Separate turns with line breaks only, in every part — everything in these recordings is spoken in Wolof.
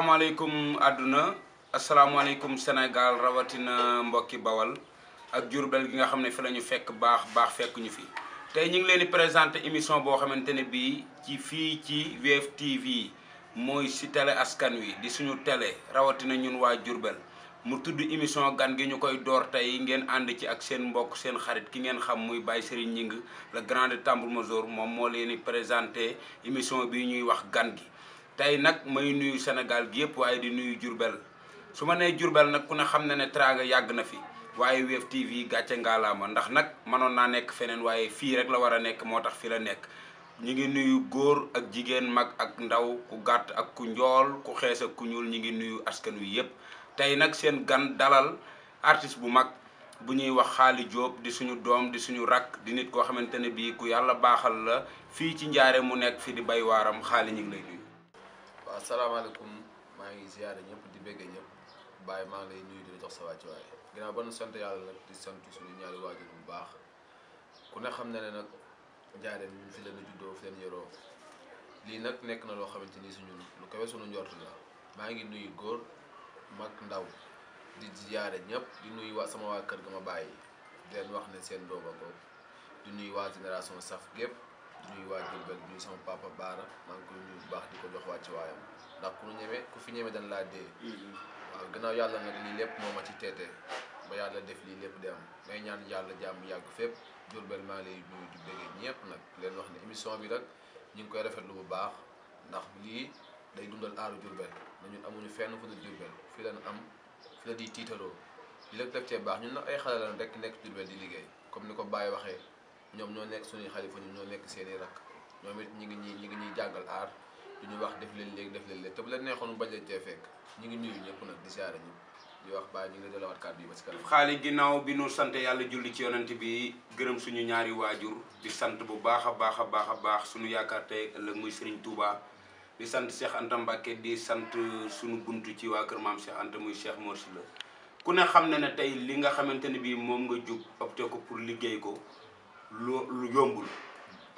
asalaamaaleykum àdduna asalaamaaleykum Sénégal rawatina mbokki bawal ak Jurbel gi nga xam ne fi la ñu fekk baax baax fekkuñu fi tey ñu ngi leen di présenter émission boo xamante ne bii ci fii ci VFtv mooy si télé askan wi di suñu télé rawatina ñun waa Jurbel mu tudd émission gan gi ñu koy door tey ngeen ànd ci ak seen mbokk seen xarit ki ngeen xam muy Baye Serigne Gningue le grand tambour major moom moo leen di présenter émission bi ñuy wax gan gi. tay nak may nuyu senegal gi yep way di nuyu Jurbel suma ne Jurbel nak ku ne xam ne traga yag na fi waye wef TV gàcce ngaalaama ndax nak manon na nek fenen waye fi rek la wara nek motax fi la nek ñi ngi nuyu góor ak jigen mag ak ndaw ku gàtt ak ku njool ku xees ak ku ñul ñi ngi nuyu askan wi yep tay nak sen gan dalal artist bu mag bu ñuy wax xali job di suñu dom di suñu rak di nit ko xamantene bi ku yalla baxal la Fi ci ndiaré mu nek fi di bay waram xali ñi ngi lay nuyu
waaw salaamaaleykum maa ngi ziare ñëpp di bëgg ñëpp Baye maa ngi lay nuyu di la jox sa wàccuwaay ginnaaw ba nu sant yàlla nag di sant suñu ñaari waajur bu baax ku ne xam na ne nag njaareem ñun fi leen a juddoo fi leen yoroo lii nag nekk na loo xamante ni suñu lu kawe suñu njort la maa ngi nuyu góor mag ndaw di ziare ñëpp di nuyu waa sama waa kër ga ma bàyyi di leen wax ne seen doom a di nuyu waa génération saf gépp ñuy waa Diourbel bi sama papa Baara maa ngi koy bu baax di ko jox wàcc waayam ndax ku ñu ñeme ku fi ñeme dañ laa dee. Mm-hmm. waaw gannaaw yàlla nag lii lépp moo ma ci teete ba yàlla def lii lépp de am may ñaan yàlla jàmm yàgg fépp Diourbel maa lay nuyu di bëgg ñëpp nag leen wax ne émission bi rek ñu ngi koy rafet lu bu baax ndax lii day dundal aaru Diourbel na ñun amuñu fenn fu dul Diourbel fi lañ am fi la di tiitaroo li la def cee baax ñu nag ay xale lañ rek nekk Diourbel di liggéey comme ni ko Baye waxee. ñoom ñoo nekk suñuy xalifa ñoom ñoo nekk seeni rakk ñoom it ñi ngi ñi ñi ngi ñuy jàngal aar du ñu wax def leen léegi def leen léegi te bu la neexoon bañ la cee fekk ñi ngi nuyu ñëpp nag di ñu ngi la dalawaat kàddu yi ba si kanam
xaali ginnaaw bi nu sante yàlla julli ci yonent bi gërëm suñu ñaari waajur di sant bu baax a baax a baax a baax suñu yaakaar tey ëllëg muy Serigne Touba di sant Cheikh Anta Mbacke di sant suñu bunt ci waa kër maam Cheikh Anta muy Cheikh Mor la ku ne xam ne ne tey li nga xamante ne bii moom nga jug opté ko pour liggéey ko lu yombul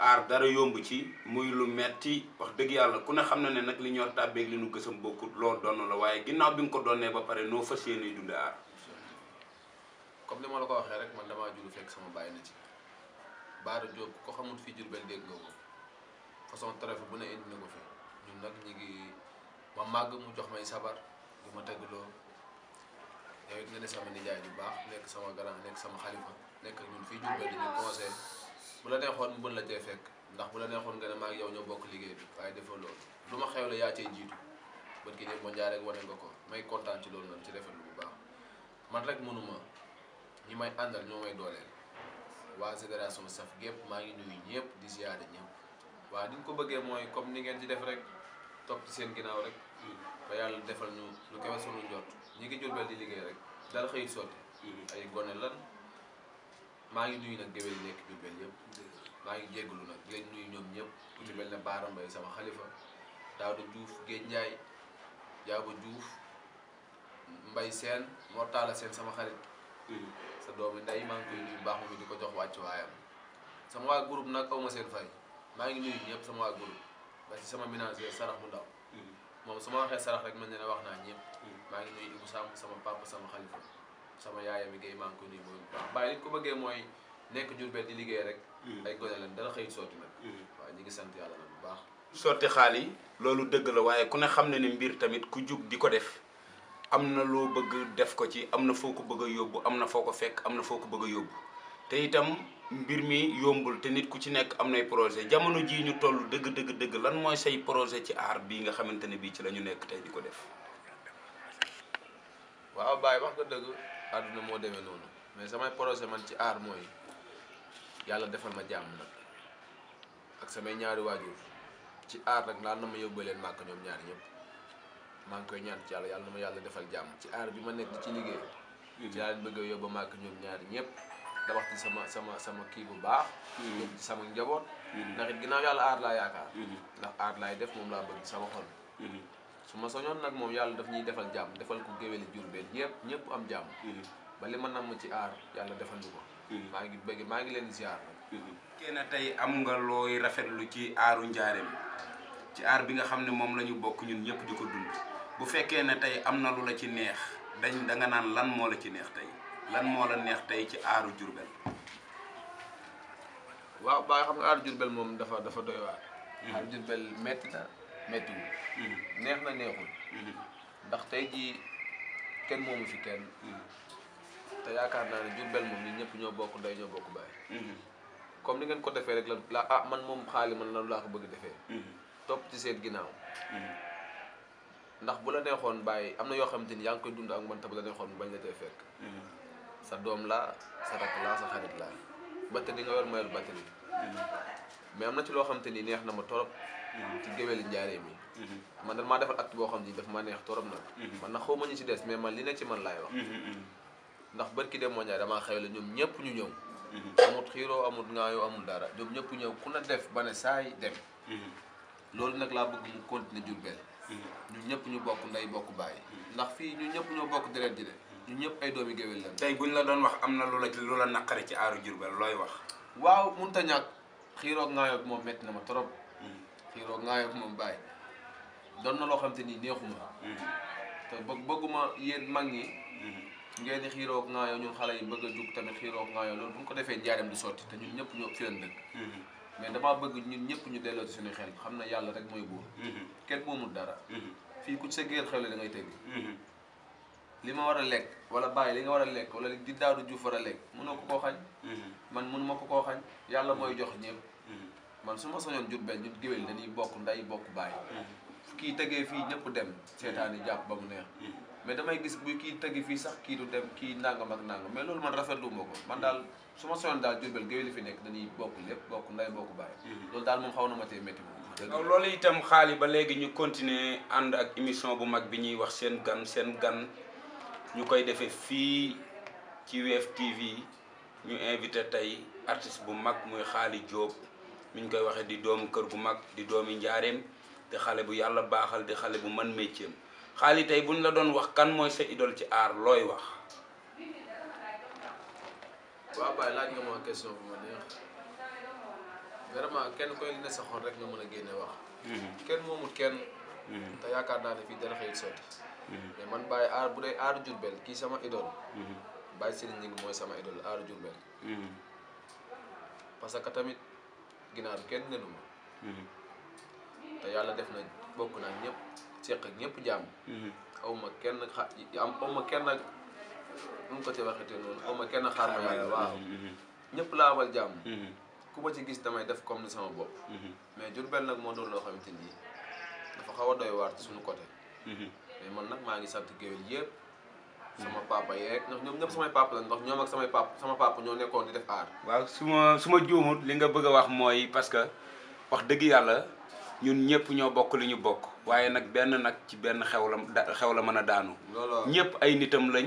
ar dara yomb ci muy lu metti wax deug yalla ku ne xamna ne nak li ñor ak li nu gëssam bokkut lo don la waye ginnaw bi ko donné ba pare no fas dund ar
comme dama la ko waxé rek man dama jullu fekk sama baye na ci baara job ko xamul fi jur bel deg nga façon trafe bu ne indi nako fi ñun nak ñi ngi ba mag mu jox may sabar di ma teggloo yow it nga ne sama nijaay bu baax nek sama grand nek sama khalifa nekk ak ñun fii Diourbel di ñu conseil bu la neexoon mu mën la cee fekk ndax bu la neexoon nga ne maa yow ñoo bokk liggéey bi waaye defoo lu ma xew la yaa cay jiitu bët ki dem ba njaaree rek wane ko may kontaan ci loolu noonu ci rafetlu bu baax man rek mënuma ñi may àndal ñoo may dooleel waa génération saf gépp maa ngi nuyu ñëpp di ziyaare ñëpp waaw ni ñu ko bëggee mooy comme ni ngeen ci def rek topp ci seen ginnaaw rek ba yàlla defal ñu lu kawe sunu njot ñi ngi Jurbel di liggéey rek dal xëy sotti mm-hmm. ay gone maa ngi nuyu nag géwél yi nekk mel yëpp maa ngi jégalu nag di leen nuyu ñoom ñëpp ku mel ne Baara Mbaye sama xalifa Daouda Diouf Guèye jaabo juuf Diouf seen Sène Mortala seen sama xarit sa doom nday maa ngi koy nuyu ko jox wàcc waayam sama waa groupe nag aw ma maa ngi nuyu ñëpp sama waa groupe ba sama ménager sarax mu ndaw mm-hmm. moom su ma waxee sarax rek mel ne ne wax naa ñëpp mm-hmm. maa ngi nuyu Ibou Samb sama papa sama xalifa sama yaayam mi ngay maa ngi koy nuyu bu baax ko bëggee mooy nekk Jurbel di liggéey rek hmm. ay gone lañ dara xëyit sotti
nag hmm. waaw ñi ngi sant yàlla bu baax sotti xaal yi loolu dëgg la waaye ku ne xam ne ne mbir tamit ku jug di ko def am na loo bëgg def ko ci am na foo bëgg yóbbu am na foo ko fekk am na foo bëgg a yóbbu te itam mbir mi yombul te nit ku ci nekk am nay projet jamono jii ñu toll dëgg dëgg dëgg lan mooy say projet ci aar bii nga xamante ne bii ci la ñu nekk tey di ko def wax nga dëgg aduna mo deme
nonu mais sama projet man ci art moy yalla defal ma jamm nak ak sama ñaari waajur ci art nak laa na ma yóbbee leen màkk ñoom ñaari ñëpp maa ngi koy ñaan ci yalla yalla ma defal jamm ci art bi ma nek di ci liggey mm-hmm. ci laa bëgg yobba mak ñom ñaar ñep da wax ci sama sama sama ki bu baax mm-hmm. sama njabot mm-hmm. ndax ginaaw yalla art la yaaka ndax aar def mom la bëgg sama xol su ma soñoon nag moom yàlla daf ñuy defal jàmm defal ko géwéli Jurbel ñëpp ñëpp am jàmm mm-hmm. ba li ma namm
ci aar yàlla defal ñu ko mm-hmm. maa ngi bëgg maa ngi leen di ziar mm-hmm. kenn tey am nga rafetlu ci aaru njaareem ci aar bi nga xam ne moom lañu ñu bokk ñun ñëpp di ko dund bu fekkee ne tey am na lu la ci neex dañ da nga naan lan moo la ci neex tey lan moo la neex tey ci aaru Jurbel waaw ba xam nga aaru Jurbel
moom dafa dafa doy waar Jurbel metti metti hmm. neex na neexul hmm. ndax tay ji kenn momu fi kenn hmm. te yaakaar naa ne jurbel moom ni ñëpp ñoo bokk ndey ñoo bokk baay comme ni ngeen ko defee rek la la ah man moom xaali man lan laa ko bëgg defee topp ci seen ginnaaw ndax bu la neexoon bàyyi am na yoo xamante ni yaa ngi koy dund ak man te bu la neexoon bañ la tey fekk sa doom la sa rakk la sa xarit la laa di nga yor mayal battali mais am na ci loo xamante ni neex na ma torop ci gewel jaaré mi man dal ma defal acte bo xamni daf ma neex torop na man na xawma ñu ci dess mais man li ne ci man lay wax ndax barki dem moo njaay dama xewle ñom ñepp ñu ñew amut xiro amut ngaayo amul dara ñom ñepp ñew ku na def ba ne saay dem lool nak la bëgg mu continuer bel ñu ñepp ñu
bokk nday bokk bàyyi ndax fi ñu ñepp ñoo bokk deret ji de ñu ñepp ay doomi géwél la tay buñ la doon wax amna na lu la lu la naqari ci aaru jurbel looy wax waaw munta ñàkk xiiroog ngaayo
mo metti na ma torop xiiroo bi moom bàyyi doon na loo xam te ni neexuma te bëgg bëgguma yéen mag ñi ngeen di xiiroog ŋaayoo ñun xale yi bëgg a jug tamit xiiroog ŋaayoo loolu bu ñu ko defee njaareem di sotti te ñun ñëpp ñoo fi leen dëkk mais damaa bëgg ñun ñëpp ñu delloo ci suñu xel xam na yàlla rek mooy buur kenn moomul dara fii ku sa géer xewle dangay ngay tëgg li ma war a lekk wala bàyyi li nga war a lekk wala di daadu juuf war a lekk mënoo ko koo xañ man mënuma ko koo xañ yàlla mooy jox ñëpp man su ma sañoon Jurbel ñun géwél dañuy bokk nday bokk baay hmm. kii tegee fii ñëpp dem seetaan yi hmm. jàpp ba mu neex hmm. mais damay gis bu kii tegi fii sax kii du dem kii nangam ak nangam mais loolu man rafetlu ma ko man daal su ma soñoon daal Jurbel géwél yi nekk dañuy bokk lépp bokk nday bokk baay
loolu daal moom xaw na ma tee métti moom loolu itam xaalis ba léegi ñu continuer ànd ak émission bu mag bi ñuy wax seen gan seen gan ñu koy defee fii ci WF TV ñu invité tey artiste bu mag muy Xaali Jóob miñ koy waxe di doomu kër gu mag di doomi njaareem di xale bu yalla baxal di xale bu man métiem xali tay buñ la doon wax kan moy sa idole ci ar loy wax
wa bay laaj nga mo
question bu ma neex
vraiment kenn koy ne sa xol rek nga mëna a wax mhm. kenn momut kenn mhm. ta yaakaar na ne fii dara xey soti mhm. mais man bay ar bu day ar jurbel ki sama idole bay serigne ñi moy sama idole ar jurbel parce que tamit ginaar kenn gënu mhm. te yàlla def na bokk naa ñëpp seq ak ñëpp jàmm mhm. aw ma kenn xa am ma kenn ak nu mu ko ci waxete noonu aw ma kenn xaar ma yàlla waaw mhm. ñëpp laa amal jàmm ku ma ci gis damay def comme ni sama bopp mais Jurbel nag moo doon loo xamante ni dafa xaw a doy waar suñu côté mais man nag maa ngi sant géwél yëpp sama papa yeeg ya. ndax ñoom sama samay papa la ndax ñoom ak papa sama papa ñoo nekkoon di def aar
waaw suma suma juumut li nga bëgg a wax mooy parce que wax dëgg yàlla ñun ñëpp ñoo bokk li ñu bokk waaye nag benn nak ci benn xew la xew la daanu ay nitam lañ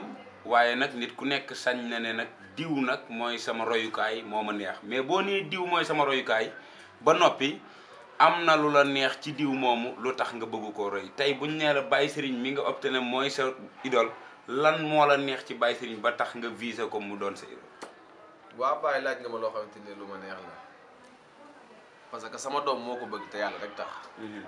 nit ku nekk sañ na ne diw sama royukaay moo meboni neex mais diw sama royukaay ba noppi am na lu la neex ci diw moomu lu tax nga bëgg roy mi nga sa idole lan mo la neex ci Baye Serigne ba tax nga visé ko mu doon sa idole
wa Baye laaj nga ma lo xamanteni luma neex la parce que sama dom moko ko bëgg te yalla rek tax mhm.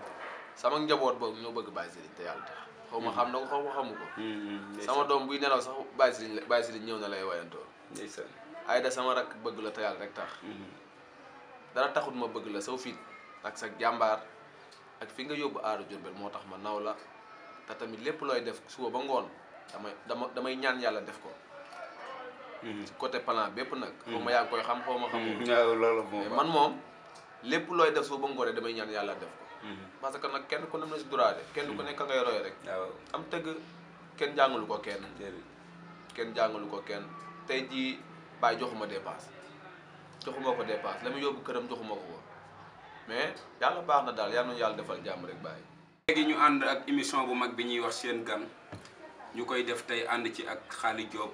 sama njabot bo ñoo bëgg Baye Serigne te yalla tax xawma mhm. xam na ko xawma ma ko mhm. sama dom buy nelaw sax Baye Serigne Baye Serigne ñëw na lay wayantoo ay da sama rak bëgg la te yalla rek tax dara taxut ma bëgg la saw fi ak sa yo ak fi nga yobbu aaru Jurbel motax ma nawla la tamit lepp loy def suwa ba damay dama damay ñaan yàlla def ko. Mhm. ci côté plan bépp nag. Mhm. ma yaa xam xaw ma xamul.
Mhm. man moom
lépp looy def soo ba ngoonee damay ñaan yàlla def ko. parce que nag kenn ko ne na si duraade kenn ku nekk ngay roy rek. am tëgg kenn jàngalu ko kenn. kenn jàngalu ko kenn tey jii bàyyi joxuma dépasse joxuma ko dépasse la muy yóbbu këram joxuma ko ko
mais yàlla baax na daal yal nañu yàlla defal jàmm rek bàyyi. léegi ñu ànd ak émission bu mag bi ñuy wax seen gan. ñu koy def tey ànd ci ak Xaali joob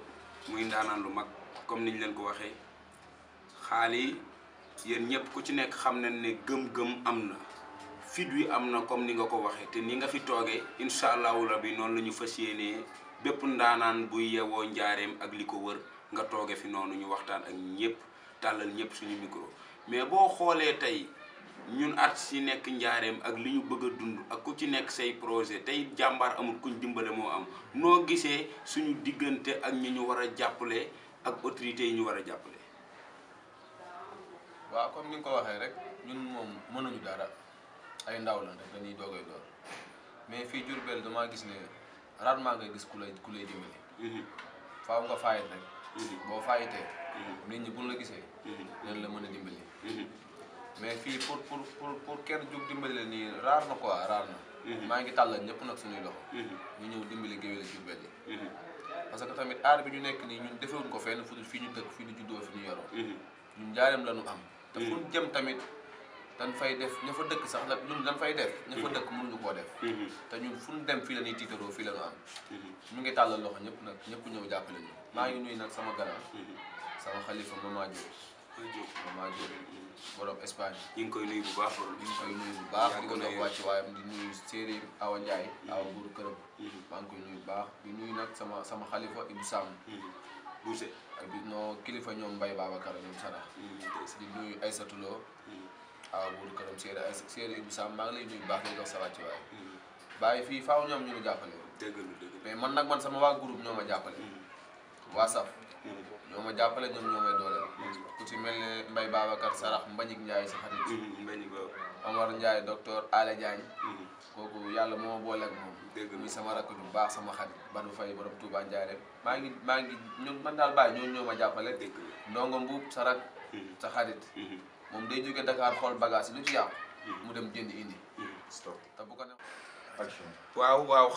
muy ndaanaan lu mag comme ni ñu leen ko waxee Xaali yéen ñëpp ku ci nekk xam na ne gëm-gëm am na fit wi am na comme ni nga ko waxee te ni nga fi toogee incha allahu bi noonu la ñu fas yéenee bépp ndaanaan buy yewoo njaareem ak li ko wër nga tooge fi noonu ñu waxtaan ak ñëpp tàllal ñëpp suñu micro mais boo xoolee tey. ñun artistes si nekk njaareem ak li ñu bëgg a dund ak ku ci nekk say projet tey jàmbaar amut kuñ dimbale moo am noo gisee suñu diggante ak ñi ñu war a jàppale ak autorités yi ñu war a jàppale. waaw comme ni nga ko waxee rek ñun
moom mënuñu dara ay ndaw la rek dañuy doogay door mais fii Diourbel damaa gis ne rarement nga gis ku lay ku lay dimbale. Mhm. faaw nga faayit rek. Mhm. boo faayitee. Mhm. nit ñi buñ la gisee. dinañ la mën a dimbali. mais fii pour pour pour pour kenn jug dimbali la nii raar na quoi raar na. Mhm. maa ngi tàllal ñëpp nag suñu loxo. Mhm. ñu ñëw dimbali géwél ak yi. Mhm. parce que tamit aar bi ñu nekk nii ñun defewuñ ko fenn fu dul fii ñu dëkk fii ñu juddoo fi ñu yoroo. ñun njaareem la ñu am. te fu ñu jëm tamit dan fay def ña fa dëkk sax la ñun dañ fay def. ña fa dëkk mënuñu koo def. te ñu fu ñu dem fii la ñuy tiitaroo fii la ñu am. ñu ngi tàllal loxo ñëpp nag ñëpp ñëw jàppale ñu. maa ngi nuyu nag sama ganaar sama xalifa Mama Diop. Mama Diop borom Espagne. ñu ngi koy nuyu bu baax borom. koy nuyu bu baax di ko dox wàcc waayam di nuyu séeréer Awa Ndiaye. Mm-hmm. Awa Buur Këram. Mm-hmm. maa ngi koy nuyu bu baax di nuyu nag sama sama xalifa Ibou ak mm-hmm. bi non kilifa ñoom Mbaye Babacar ñoom Sara. di nuyu Aïssatou Lo. Awa Buur Këram séeréer Aïssa maa ngi lay bu baax di dox sa wàcc waayam. bàyyi fii faaw ñoom ñu ngi jàppale. mais man nag man sama waa groupe ñoo ma jàppale. waa SAF. ñoo jàppale ñoom ñoo may dooleel ku ci mel ne Mbaye Babacar Sarax Mbagnick Ndiaye mm-hmm, Omar Ndiaye docteur Ala Diagne mm-hmm. kooku yàlla moo boole ak moom dégg mi sama rakk bu baax sama xarit Badou Faye borom Touba Ndiaye maa ngi maa ngi man daal bàyyi ñoo ñoo ma jàppale dégg ndongo mbuub sa rakk mm-hmm. sa day jóge Dakar xool bagage lu ci yàqu mu dem jënd
indi stop bu ko ne waaw waaw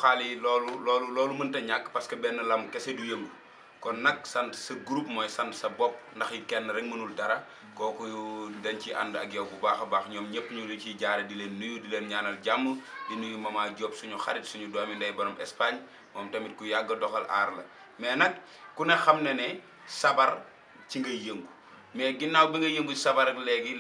parce que lam du yëngu kon nag sant sa groupe mooy sant sa bopp ndax it kenn rek mënul dara kooku dañ ci ànd ak yow bu baax a baax ñoom ñëpp ñu lu ciy jaare di leen nuyu di leen ñaanal jàmm di nuyu Mama Diop suñu xarit suñu doomi ndey borom Espagne moom tamit ku yàgg doxal aar la mais nag ku ne xam ne ne sabar ci ngay yëngu mais ginnaaw bi nga yëngu sabar ak léegi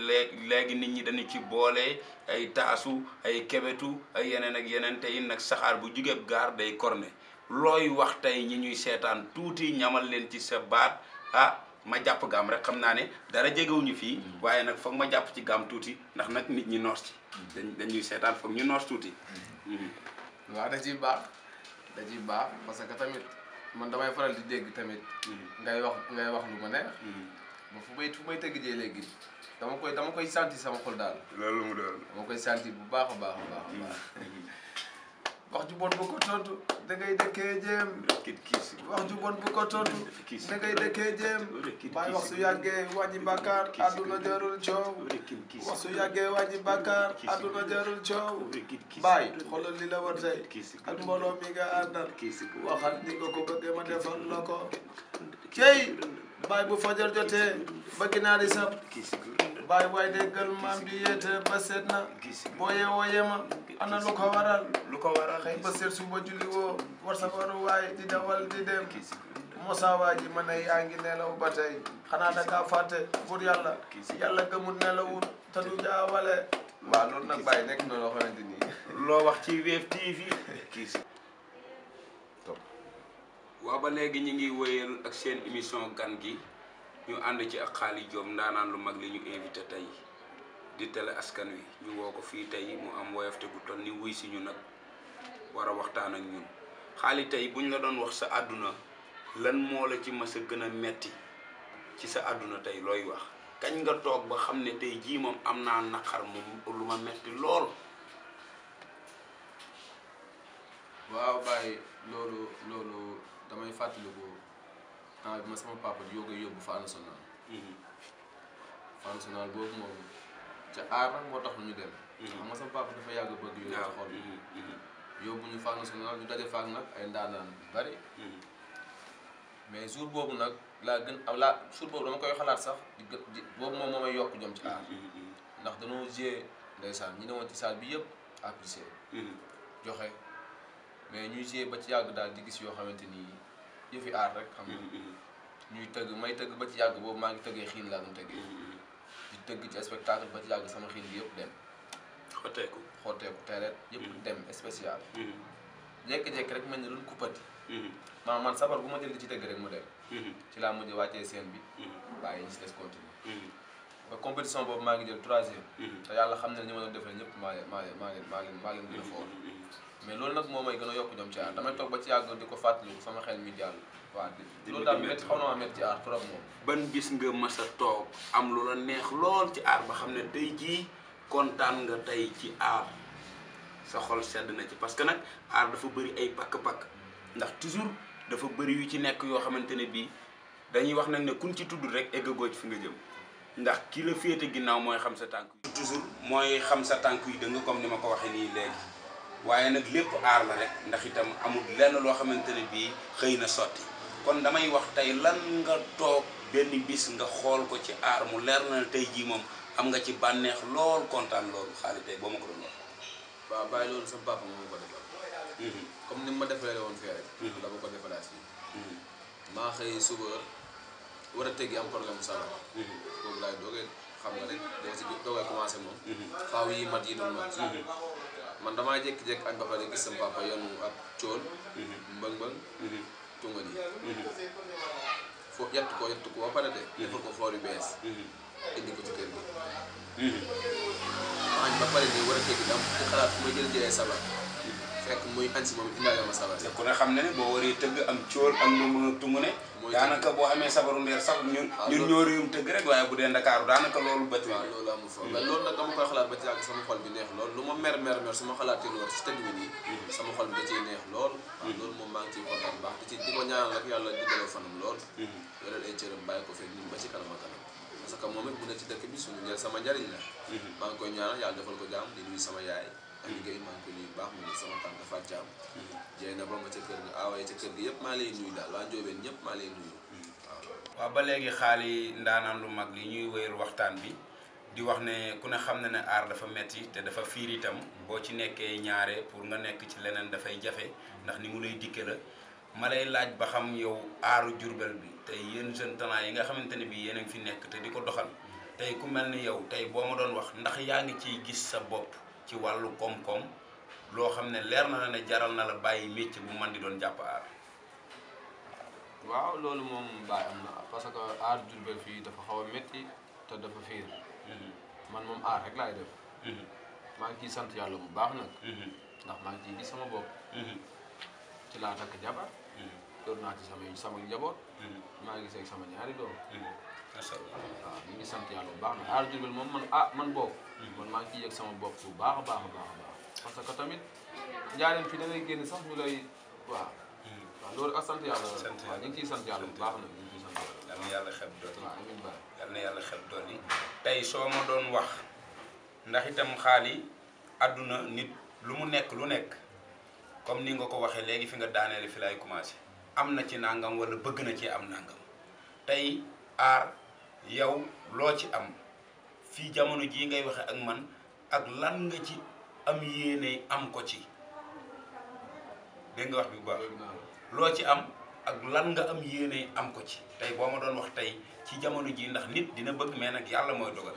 léegi nit ñi dañu ci boole ay taasu ay kebetu ay yeneen ak yeneen te it nag saxaar bu jugee gaar day corne looy wax tey ñi ñuy seetaan tuuti ñamal leen ci sa baat ah ma jàpp gaam rek xam naa ne dara jegewuñu fii mm-hmm. waaye nag foog ma jàpp ci gaam tuuti ndax nag nit ñi noor ci mm-hmm. dañ dañuy seetaan foog ñu noor tuuti mm-hmm. waa da ciy baax da ciy baax parce que tamit man damay faral di dégg tamit ngay wax ngay
wax lu ma ne ba fu may fu may tëgg jee léegi dama koy dama koy sentir sama xol daal
loolu mu doon dama koy sentir bu baax a baax baax a baax wax ju bon bu ko tontu da ngay dëkkee jéem wax ju bon bu ko tontu da ngay dëkkee jéem waaye wax su yàggee wàññi bàkkaar àdduna jarul coow wax su yàggee wàññi bàkkaar àdduna jarul coow bàyyi xoolal li la war tey ak mbooloo mi nga àndal waxal ni nga ko bëggee ma defal la ko baay bu fajar jotee ba ginaar yi sab baay waay déggal maam di yeete ba seet na boo yeewoo yema ana lu ko waral lu ko waral xëy ba seet suba julli woo war sa waru waay di dawal di dem Moussa waa ji ma yaa ngi nelaw ba tey xanaa da ngaa fàtte pour yàlla yàlla gëmul nelawul te du jaawale
waaw loolu nag bàyyi nekk na loo xamante loo wax ci Wave TV wa ba legi ñi ngi wëyel ak seen émission gan gi ñu and ci ak xaali joom ndaanaan lu mag li ñu invité tay di télé askan wi ñu woko fi tay mu am woyofte bu toll ni wuy ci ñu nak wara waxtaan ak ñun xali tay buñ la doon wax sa aduna lan mo la ci mësa gëna metti ci sa aduna tay loy wax kañ nga tok ba xamne tay ji mom amna nakar mu lu ma metti lool
waaw bay lolu lolu damay fàttaliku temps bi ma sama papa yoo koy yóbbu fa national mhm. fa national boobu moom ca aar nag moo tax ñu dem mhm. xam nga sama papa dafa yàgg bëgg yooyu ci xol mhm. yóbbu ñu fa national ñu daje faak nag ay ndaanaan bari mais jour boobu nag laa gën a ah, laa jour boobu dama koy xalaat sax di boobu moom moo may yokk jom ci aar ndax danoo jee ndeysaan ñi ne woon ci salle bi yëpp apprécié joxe mais ñuy siyee ba ci yàgg daal di gis yoo xamante ni fi aar rek xam nga mm-hmm. ñuy tëgg may tëgg ba ci yàgg boobu maa ngi tëggee xiin laa doon tëggee mm-hmm. di tëgg ci spectacle ba ci yàgg sama xiin bi yëpp dem xotteeku xotteeku tereet yëpp mm-hmm. dem spécial jékki-jékki rek mel ni luñ kuppati maa man sabar bu ma jël ci tëgg rek mu dem ci laa mujj wàccee seen bi bàyyi ñu si des continuer ba compétition boobu maa ngi jël troisième te yàlla xam ne ñu ma doon defal ñëpp maa leen maa a foor mais loolu nag moo may gën a yokk jom ci aar damay toog ba ci yàgg di ko fàttaliku sama xel mi jàll. waaw loolu daal métti xaw naa métti ci aar trop
moom. nga mës a toog am lu la neex ci aar ba xam ne tey jii kontaan nga tey ci aar sa xol sedd na ci parce que nag aar dafa bëri ay pakk-pakk ndax toujours dafa bëri yu ci nekk yoo xamante ne bii dañuy wax nag ne kun ci tudd rek eggagoo ci fi nga jëm. ndax ki la féete ginnaaw mooy xam sa tànk yi. toujours mooy xam sa tànk yi danga comme ni ma ko waxee nii léegi. waaye nag lépp aar la rek ndax itam amul lenn loo xamante ne bii xëy na sotti kon damay wax tey lan nga toog benn bis nga xool ko ci aar mu leer na tey jii moom am nga ci bànneex lool kontaan loolu xaalis tey boo ko waaw bàyyi loolu sama papa ko defal. Mhm.
comme ni ma defalee woon fee la mhm. ma ko defalaat fii. Mhm. maa xëy suba war a teggi am problème mu salaam. boobu laay doogee xam nga rek doo si doogee commencé moom.
faaw yi mat yi noonu noonu.
man damaa jékki-jékki ak doxali gis sama papa yanu ak coon. Mhm. mbëng mbëng. Mhm. tungal mhm. foo yettu ko yettu ko ba pare de. defal ko foor yu bees. indi ko ci
kër gi.
wax ba pare nii war a jéggi dam di xalaat fu may jël jëlee sabar. fekk muy ansi moom it indaale ya, ma sabar ya, te ku ne xam ne boo waree tëgg am cóol am um lu mën a tumune daanaka boo xamee sabaru ndeer sax ñun ñun ñoo réewum tëgg rek waaye bu bëtt fa koy xalaat
ba ci sama xol bi neex lool mer mer bi sama xol bi da neex lool waaw loolu moom maa ngi baax ci di ko ñaanal rek yàlla diggaloo fanam lool yoreel ay cëram bàyyi ko fii ba ci kanam a parce que bu ne ci bi suñu sama la ngi koy ñaanal defal ko di nuyu ya, sama hmm. yaay Aliou baax mu ne sama tànk Fatia na ba ma kër ga ah aawee ca kër gi yëpp maa waa ñëpp maa lay
waaw ba léegi xaali ndaanaan lu mag li ñuy wéyal waxtaan bi di wax ne ku ne xam ne ne aar dafa metti te dafa fiir itam boo ci nekkee ñaare pour nga nekk ci leneen dafay jafe ndax ni mu lay dikke la ma lay laaj ba xam yow aaru jurbel bi tey yéen jeune talent yi nga xamante ne bii yéen a ngi fi nekk te di ko doxal tey ku mel ni yow tey boo ma doon wax ndax yaa ngi ciy gis sa bopp ci walu kom kom lo xamne leer na la ne jaral na la bàyyi metti bu man di don japp ar
waaw loolu mom bàyyi amna parce que ar djurbe fi dafa xawa metti te dafa fiir mhm. man mom ar rek lay def mhm. ma ngi ciy sant yàlla bu baax nak mhm. ndax ma ngi ciy sama bop ci la tak jabar yor naa ci sama sama njaboot ma ngi gisee sama ñaari doom macha allah waaw bu baax na aar moom man ah man boobu. Hmm. man maa ngi ciy yëg sama bopp bu baax baax a baax a baax tamit njaareen fi da ngay génn sax ñu hmm.
loolu ak sant yàlla ciy sant yàlla bu baax na ñu ngi ciy sant yàlla. yal na yàlla xel doon waaw tey soo ma doon wax ndax itam xaali àdduna nit lu mu nekk lu nekk comme ni nga ko waxee léegi fi nga daaneel fi laay commencé am na ci nangam wala bëgg na ci am nangam tey aar yow loo ci am fii jamono jii ngay waxe ak man ak lan nga ci am yéene am ko ci dégg nga wax bi bu baax loo ci am ak lan nga am yéene am ko ci tey boo ma doon wax tey ci jamono jii ndax nit dina bëgg mais nag yàlla mooy dogal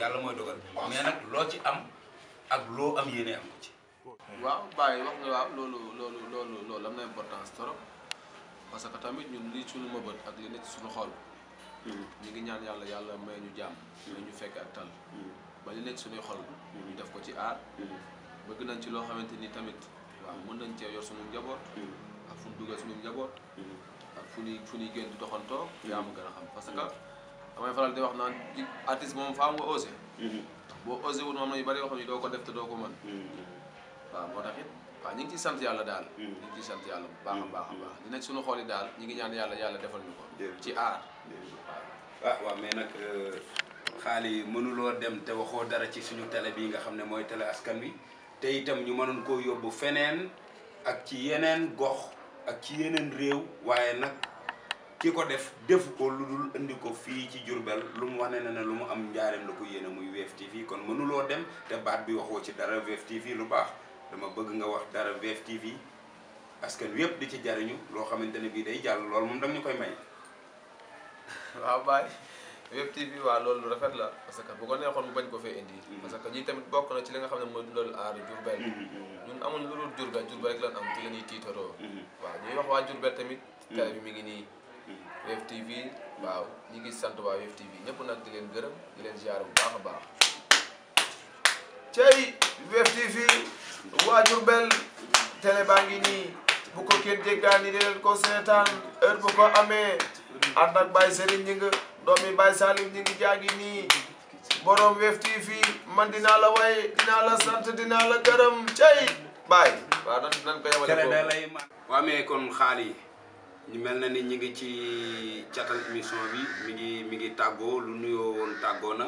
yàlla mooy dogal mais nag loo ci am ak loo am yéene am ko ci
waaw bàyyi wax nga waaw loolu loolu loolu loolu am na importance trop parce que tamit ñun lii suñu mëbët ak li nekk suñu xol ñu ngi ñaan yàlla yàlla may ñu jàmm may ñu fekk ak tal ba li nekk suñuy xol ñu def ko ci aar bëgg nañ ci loo xamante ni tamit waaw mun nañ cee yor suñu njaboot ak fu ñu dugal suñu njaboot ak fu ñuy fu ñuy génn di doxantoo yaa ma gën a xam parce que damay faral de wax naan artiste moom faaw nga boo osé wul moom nañu bëri yoo xam ne doo ko def te doo ko mën waaw moo tax waaw ñu ngi ciy sant yàlla daal hmm. ñu ngi
ciy sant yàlla bu baax baaxam hmm. baax a nag di nekk suñu xool daal ñu ngi ñaan yàlla yàlla defal ñu ko ci aar waaw ah, waaw mais nag euh, xaali mënuloo dem te waxoo dara ci suñu tele bii nga xam ne mooy tele askan wi te itam ñu mënoon koo yóbbu feneen ak ci yeneen gox ak ci yeneen réew waaye nag ki ko def def ko lu dul indi ko fii ci Jurbel lu mu wane ne ne lu mu am njaareem la ko yéene muy VFtv kon mënuloo dem te baat bi waxoo ci dara VFtv lu baax dama bëgg nga wax dara VFtv askan wi yëpp di ci jariñu loo xamante ne bii day jàll loolu moom dam ñu koy may. waaw baay VFtv waaw loolu rafet la parce que bu ko neexoon mu bañ ko fee indi. Mm-hmm. parce que ñu
tamit bokk na ci li nga xam ne mooy dundal aar Diourbel. Mm-hmm. ñun amuñ lu dul Diourbel Diourbel rek lan am ci la ñuy tiitaroo. Mm-hmm. waaw ñuy wax waa Diourbel tamit. télé bi mi ngi nii. VFtv waaw ñi ngi sant waa VFtv ñëpp nag di leen gërëm di leen ziar bu a baax.
waa Diourbel télé baa ngi nii bu ko kenn jéggaani di leen ko seetaan heure bu ko amee ànd ak Baye Serigne ñi nga doomi Baye Salim ñi ngi jaa ngi nii borom Wave TV man dinaa la way dinaa la sant dinaa la gërëm cey
Baye waaw nan nan ko ko waaw kon xaal yi ñu mel na ni ñi ngi ci catal émission bi mi ngi mi ngi tàggoo lu nuyoo woon tàggoo na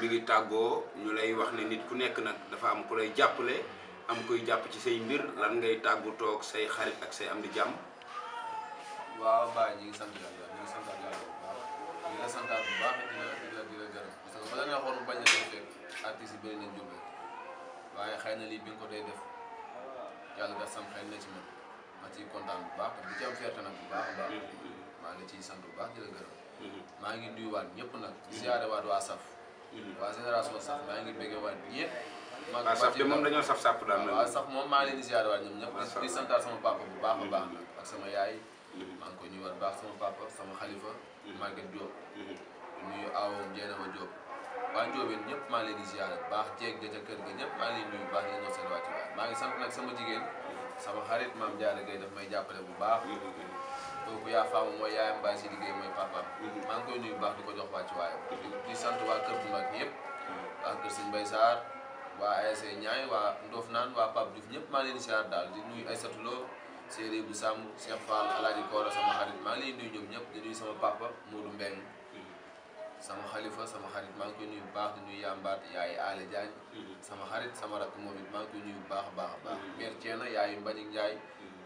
mi ngi tàggoo ñu lay wax ne nit ku nekk nag dafa am ku lay jàppale am koy japp ci say mbir lan ngay tagu tok say xarit ak say am di jam
waaw ba ñi ngi sant yalla ñi ngi sant yalla waaw ñi la sant bu baax ñi la di la di la gërëm parce que bala nga xool bañ a def fekk artistes yi bëri nañ jóg waaye xëy bi nga ko day def yalla da sam xeyna ci man ma ci kontaan bu baax bu ci am fierté bu baax ba ma ngi sant bu baax di la gërëm. Mhm. ma ngi waat ñepp nak ziaré waat wa SAF. Mhm. wa génération SAF ma ngi bëgg waat ñepp waaw saf de moom dañoo saf sàpp daal. waaw saf moom maa leen bu baax a baax mm-hmm. sama yaay. maa ngi koy nuyuwaat baax sama papa sama xalifa. Mm-hmm. Maguette Diop. Mm-hmm. di nuyu awoom Dieynaba Diop. waa Ndiobène ñëpp maa leen di ziar baax jeeg ca kër ga ñëpp maa leen nuyu baax ñoo seen wàcc waay maa ngi sant nag sama jigéen. sama xarit maam Diarra gay daf may jàppale bu baax. kooku yaa faamu mooy yaayam baay si liggéey mooy papaam. maa ngi koy nuyu baax di ko jox wàcc waayam. di sant waa kër bu mag ñëpp. waa kër sëñ Mbaye Sarr wa ASC Ñaay wa ndof nan wa pap ñëpp ñep ma leen di dal di nuyu Aïssatou Lo Séeri bu Sàmm Cheikh Fall Alaaji Koora sama xarit ma leen nuyu ñoom di nuyu sama papa Modou Mbeng sama khalifa sama xarit ma ko nuyu baax di nuyu yàmbaat yaay ala jaay sama xarit sama rak moom ma ko nuyu baax baax baax mer Thiéna yaay Mbañik jaay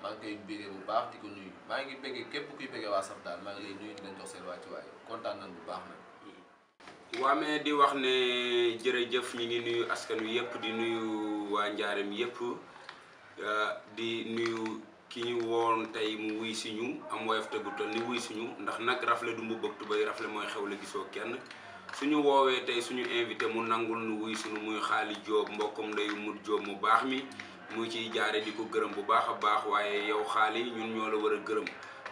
ma ngay koy bu baax di ko nuyu ma ngi béggee kep kuy béggee wa sam dal ma ngi lay nuyu di leen jox seen wàccuwaay
kontaan nañ bu baax nag waa mais di wax ne jërëjëf ñi ngi nuyu askan wi yëpp di nuyu waa njaaram yëpp euh, di nuyu ki ñu woon tey mu wuy si ñu am woyof tegu wuy si ndax nag rafle du mbubb ak tubéy rafle mooy xew la gisoo kenn suñu woowee tey suñu invité mu nangul nu wuy suñu muy xaali Jóob mbokkum ndeyu mut Jóob mu baax mi mu ciy jaare di ko gërëm bu baax a baax waaye yow xaali ñun ñoo la war a gërëm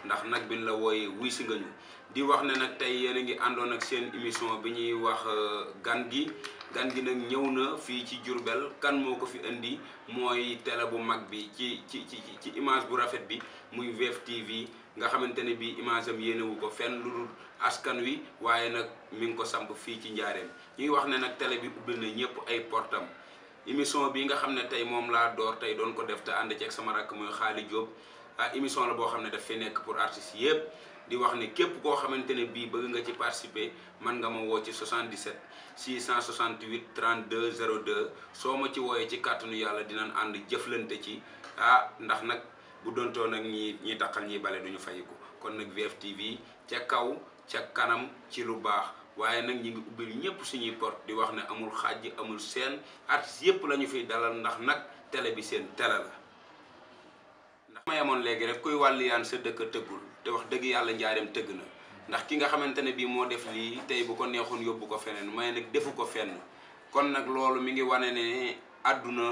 ndax nag bin la wooyee wuy si nga ñu di wax ne nak tay yene ngi andon ak seen émission bi ñi wax euh, gan gi gan gi nak na ci jurbel kan moko fi indi moy télé bu mag bi ci ci ci ci image bu rafet bi muy TV nga xamantene bi image am wu ko fenn lu dul askan wi waye nak mi ngi ko samp fi ci njaareem ñi wax ne nak télé bi ubbil na ñepp ay portam émission bi nga xamne tay mom la door tay don ko def and ci ak sama rak moy Xaali Diop ah émission la bo xam da daf nek pour artiste yépp di wax ne kep ko xamantene bi beug nga ci participer man nga ma wo ci 77 668 32 02 soo ma ci woyé ci nu yalla dinañ and jëflante ci ah ndax nak bu donto nak ñi ñi takal ñi balé duñu fayiko kon nag VFtv ca kaw ca kanam ci lu baax waye nak ñi ngi ubbil ñepp suñu porte di wax ne amul xajj amul sen artiste yépp lañu ñu dalal ndax nak télé bi sen télé la ndax ma yemoon rek kuy wàlliyaan sa dëkk teggul te wax dëgg yàlla njaareem tëgg na ndax ki nga xamante ne bii moo def lii tey bu ko neexoon yóbbu ko feneen may nag defu ko fenn kon nag loolu mi ngi wane ne àdduna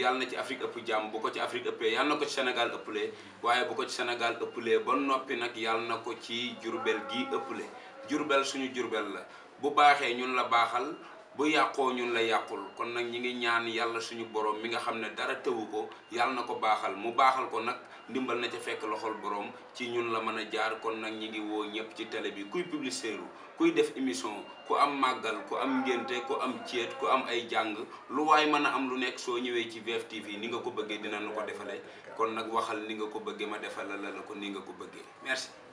yàlla na ci Afrique ëpp jàmm bu ko ci Afrique ëppee yàlla na ko ci Sénégal ëppalee waaye bu ko ci Sénégal ëppalee ba noppi nag yàlla na ko ci Jurbel gii ëppale Jurbel suñu Jurbel la bu baaxee ñun la baaxal bu yàqoo ñun la yàqul kon nag ñi ngi ñaan yàlla suñu borom mi nga xam ne dara tëwu ko yàlla na ko baaxal mu baaxal ko nag ndimbal na ca fekk loxol borom ci ñun la mën a jaar kon nag ñi ngi woo ñëpp ci télé bi kuy publicité kuy def émission ku am màggal ku am ngénte ku am ceet ku am ay jàng lu waaye mën a am lu nekk soo ñëwee ci VFtv ni nga ko bëggee dinañ nu ko defalee kon nag waxal ni nga ko bëggee ma defal la la ko ni nga ko bëggee merci.